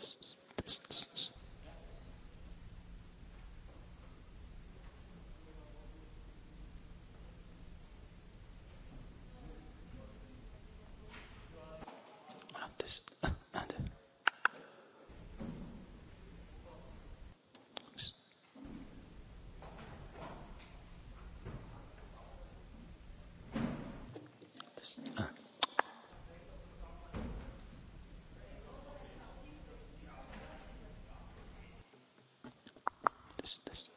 purposes. da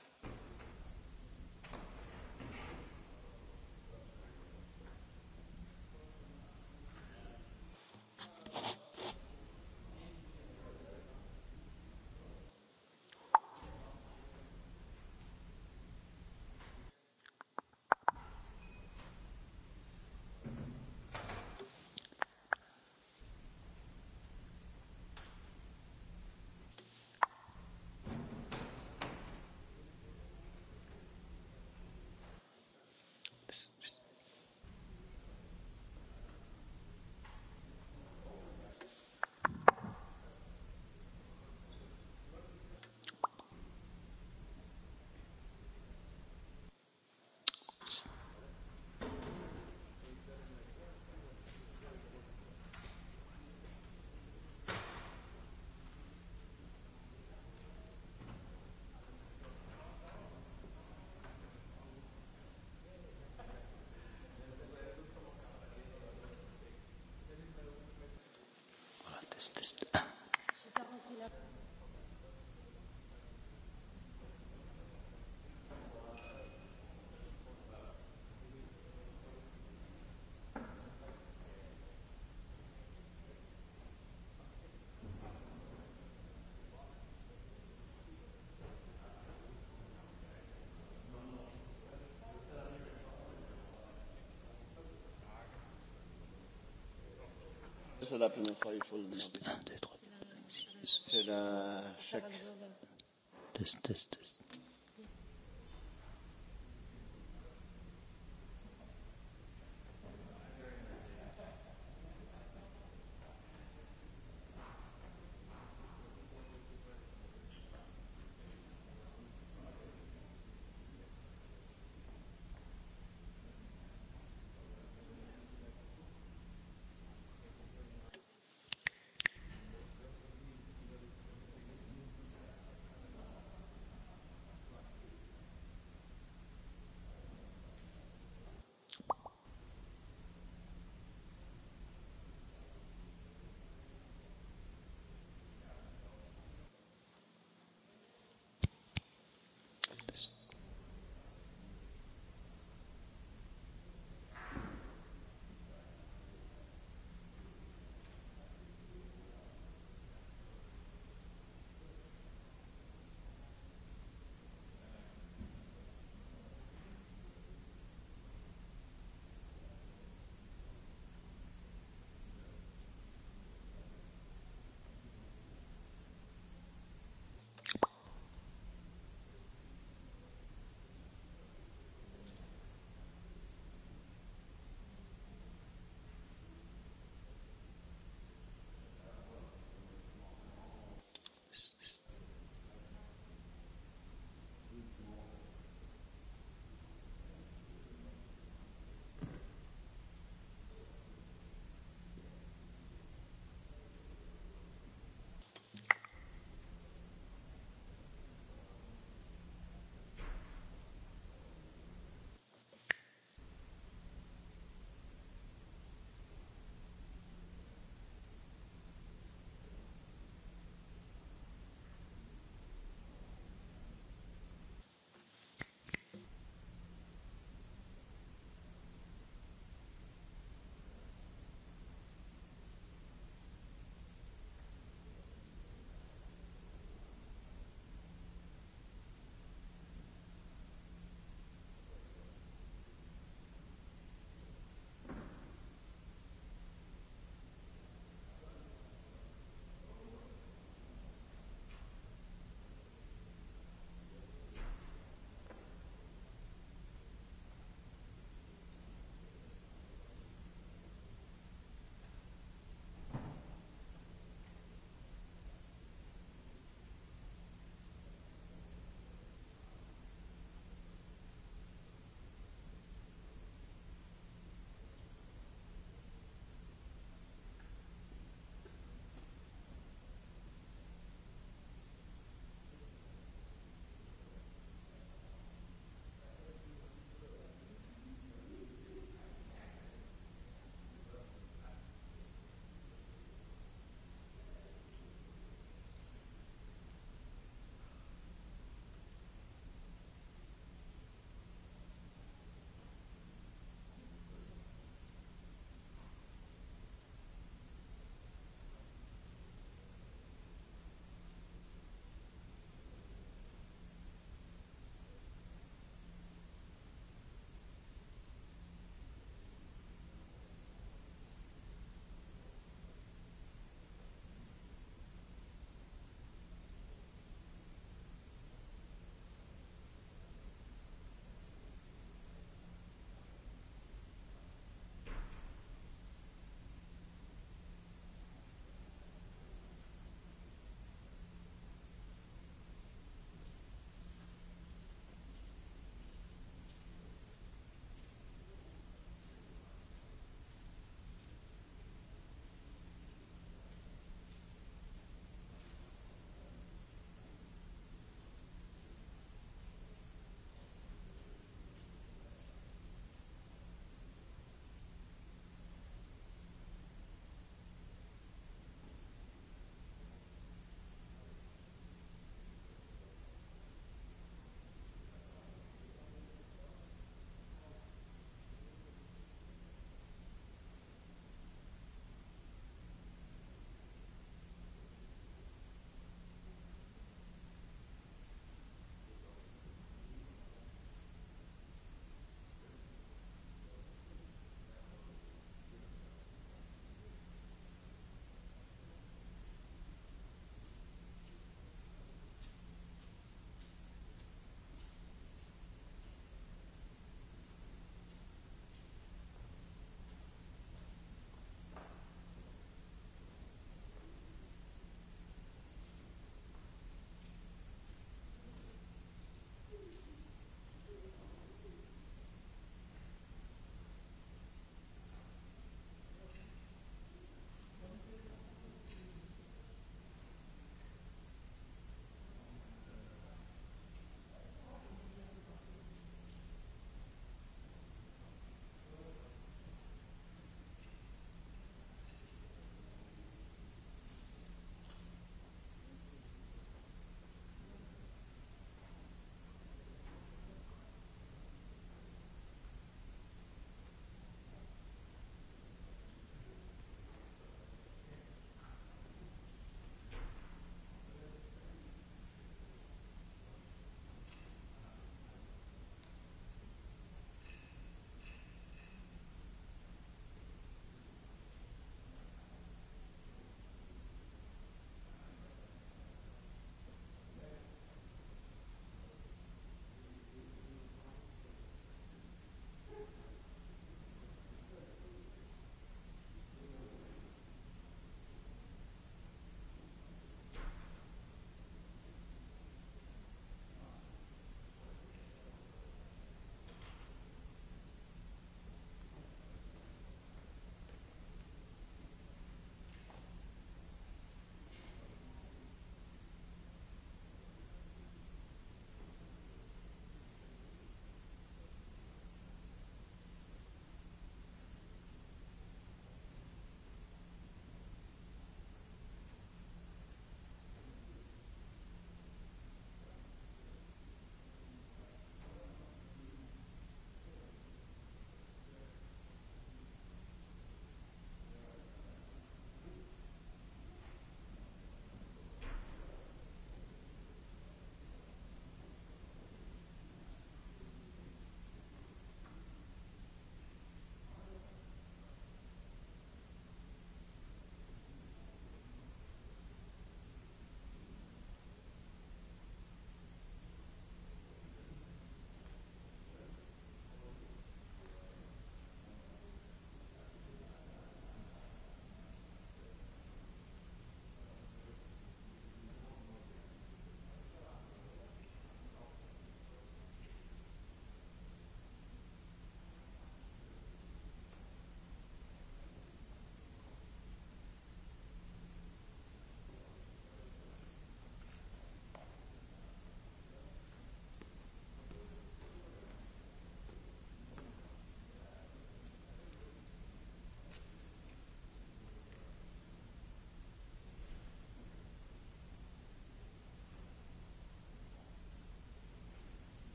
justice C'est la première fois,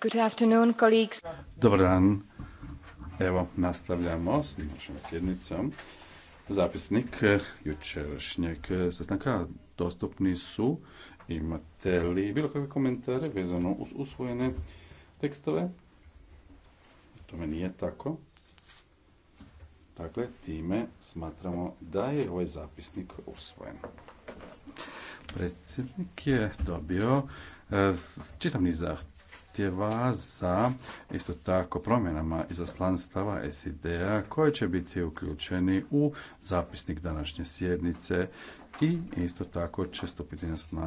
Good afternoon, colleagues. Dobar dan. Evo, nastavljamo s našom sjednicom. Zapisnik eh, jučerašnjeg eh, sastanka dostupni su. Imate li bilo kakve komentare vezano uz usvojene tekstove? Tome nije tako. Dakle, time smatramo da je ovaj zapisnik usvojen. Predsjednik je dobio eh, čitav niz zahtjeva za isto tako promjenama izaslanstava SID-a koji će biti uključeni u zapisnik današnje sjednice i isto tako će stupiti na snagu